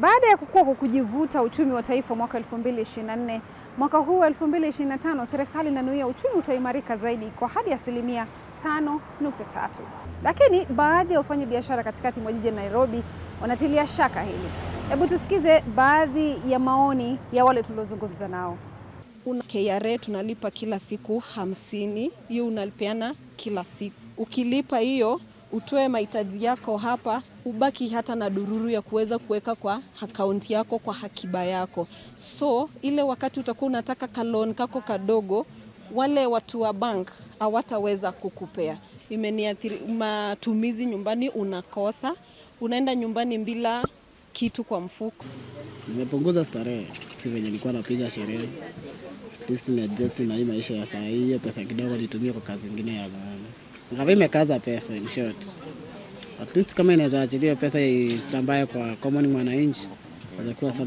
Baada ya kukua kwa kujivuta uchumi wa taifa mwaka 2024, mwaka huu wa 2025 serikali inanuia uchumi utaimarika zaidi kwa hadi asilimia 5.3. Lakini baadhi ya wafanyabiashara katikati mwa jiji la Nairobi wanatilia shaka hili. Hebu tusikize baadhi ya maoni ya wale tuliozungumza nao. KRA tunalipa kila siku hamsini, hiyo unalipeana kila siku, ukilipa hiyo utoe mahitaji yako hapa, ubaki hata na dururu ya kuweza kuweka kwa akaunti yako kwa hakiba yako. So ile wakati utakuwa unataka kaloan kako kadogo, wale watu wa bank hawataweza kukupea. Imeniathiri matumizi nyumbani, unakosa unaenda nyumbani bila kitu kwa mfuko. Nimepunguza starehe, si venye nilikuwa napiga sherehe. At least ni adjust na hii maisha ya saa hii. pesa kidogo nitumie kwa kazi nyingine ya maana imekaza pesa in short. At least kama inaweza pesa isambaye kwa common mwananchi, atakuwa sawa.